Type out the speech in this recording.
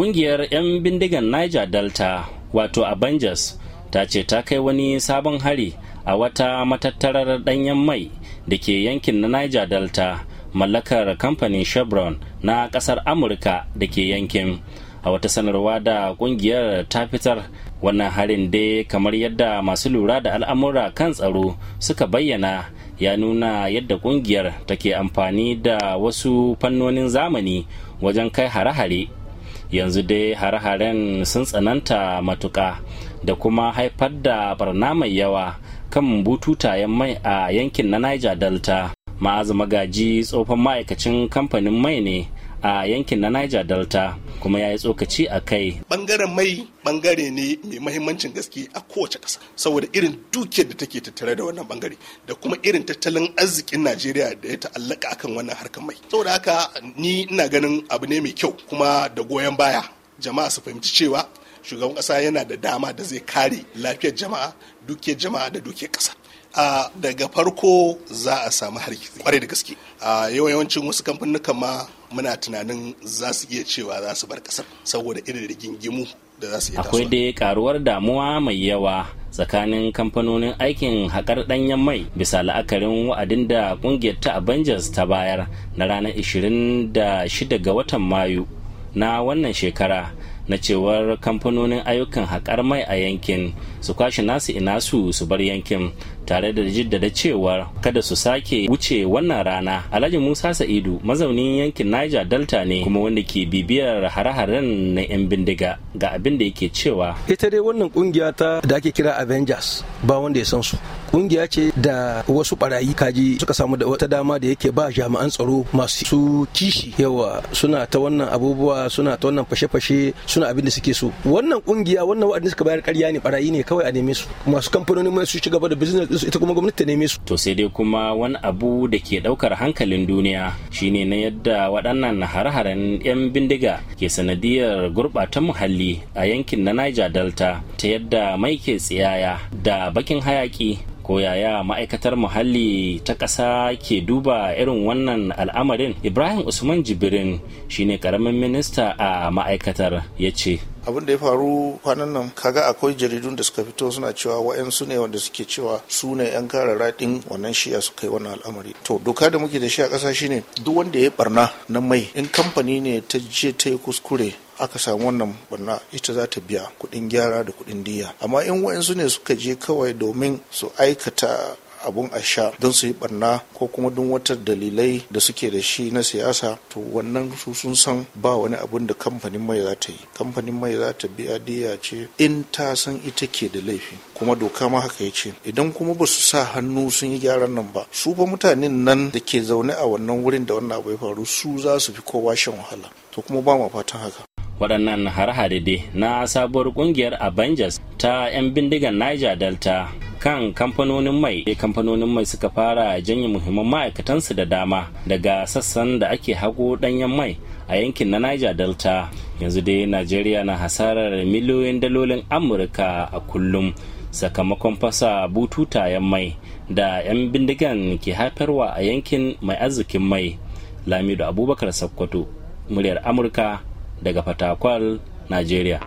Ƙungiyar 'yan bindigan Niger Delta wato Avengers ta ce ta kai wani sabon hari a wata matattarar ɗanyen mai da ke yankin na Niger Delta mallakar kamfanin Chevron na ƙasar Amurka da ke yankin. A wata sanarwa da ƙungiyar ta fitar wannan harin dai kamar yadda masu lura da al'amura kan tsaro suka bayyana ya nuna yadda ƙungiyar take amfani da wasu fannonin zamani wajen kai hare-hare yanzu dai hare-haren sun tsananta matuƙa da kuma haifar da barna mai yawa kan bututayen mai a yankin na niger delta ma'azu magaji tsofan ma'aikacin kamfanin mai ne a yankin na niger delta kuma ya yi tsokaci a kai bangaren mai bangare ne mai mahimmancin gaske a kowace ƙasa saboda irin dukiyar da take tattare da wannan bangare da kuma irin tattalin arzikin najeriya da ya ta'allaka akan wannan harkar mai saboda haka ni ina ganin abu ne mai kyau kuma da goyon baya jama'a su fahimci cewa shugaban ƙasa yana da dama da zai kare lafiyar jama'a dukiyar jama'a da dukiyar ƙasa a daga farko za a samu hargitsi kwarai da gaske a yawancin wasu kamfanin ma muna tunanin za su iya cewa za su bar kasar saboda irin rigingimu da za su iya akwai dai karuwar damuwa mai yawa tsakanin kamfanonin aikin haƙar ɗanyen mai bisa la'akarin wa'adin da ƙungiyar ta avengers ta bayar na ranar 26 ga watan mayu na wannan shekara na cewar kamfanonin ayyukan haƙar mai a yankin su kwashe nasu ina su su bar yankin tare da jiddada cewa kada su sake wuce wannan rana alhaji musa sa'idu mazaunin yankin niger delta ne kuma wanda ke bibiyar hare-haren na 'yan bindiga ga abin da yake cewa ita dai wannan kungiya ta da ake kira avengers ba wanda ya san su kungiya ce da wasu barayi kaji suka samu da wata dama da yake ba jami'an tsaro masu kishi yawa suna ta wannan abubuwa suna ta wannan fashe-fashe suna abin da suke so wannan kungiya wannan wa'adin suka bayar karya ne barayi ne kawai a neme su masu kamfanoni mai su ci gaba da business ita kuma gwamnati ta neme su. To sai dai kuma wani abu da ke ɗaukar hankalin duniya shine na yadda waɗannan hare-haren 'yan bindiga ke sanadiyar gurɓatan muhalli a yankin na Niger Delta ta yadda mai ke tsiyaya da bakin hayaki ko yaya ma'aikatar muhalli ta ƙasa ke duba irin wannan al'amarin ibrahim usman jibirin shine ƙaramin minista a ma'aikatar ya ce abin da ya faru kwanan nan kaga akwai jaridun da suka fito suna cewa wa'yansu ne wanda suke cewa su ne yan kare raɗin wannan shiya su kai wannan al'amari to doka da muke da shi a ƙasa shine duk wanda ya barna na mai in kamfani ne ta je ta yi kuskure aka samu wannan barna ita za ta biya kuɗin gyara da kuɗin diya amma in wa'yansu ne suka je kawai domin su aikata abun a sha don su yi barna ko kuma don wata dalilai da suke da shi na siyasa to wannan su sun san ba wani abun da kamfanin mai za ta yi kamfanin mai za ta biya diya ce in ta san ita ke da laifi kuma doka ma haka ya ce idan kuma ba su sa hannu sun yi gyaran nan ba su ba mutanen nan da ke zaune a wannan wurin da wannan abu ya faru su za su fi kowa shan wahala to kuma ba mu fatan haka waɗannan hare-hare na sabuwar ƙungiyar avengers ta 'yan bindigan niger delta kan kamfanonin mai kamfanonin mai suka fara janye muhimman ma'aikatansu da dama daga sassan da ake hago ɗanyen mai a yankin na niger delta yanzu dai najeriya na hasarar miliyoyin dalolin amurka a kullum sakamakon fasa yan mai da 'yan bindigan ke haifarwa a yankin mai arzikin mai lamido abubakar sakkwato muryar amurka daga fatakwal najeriya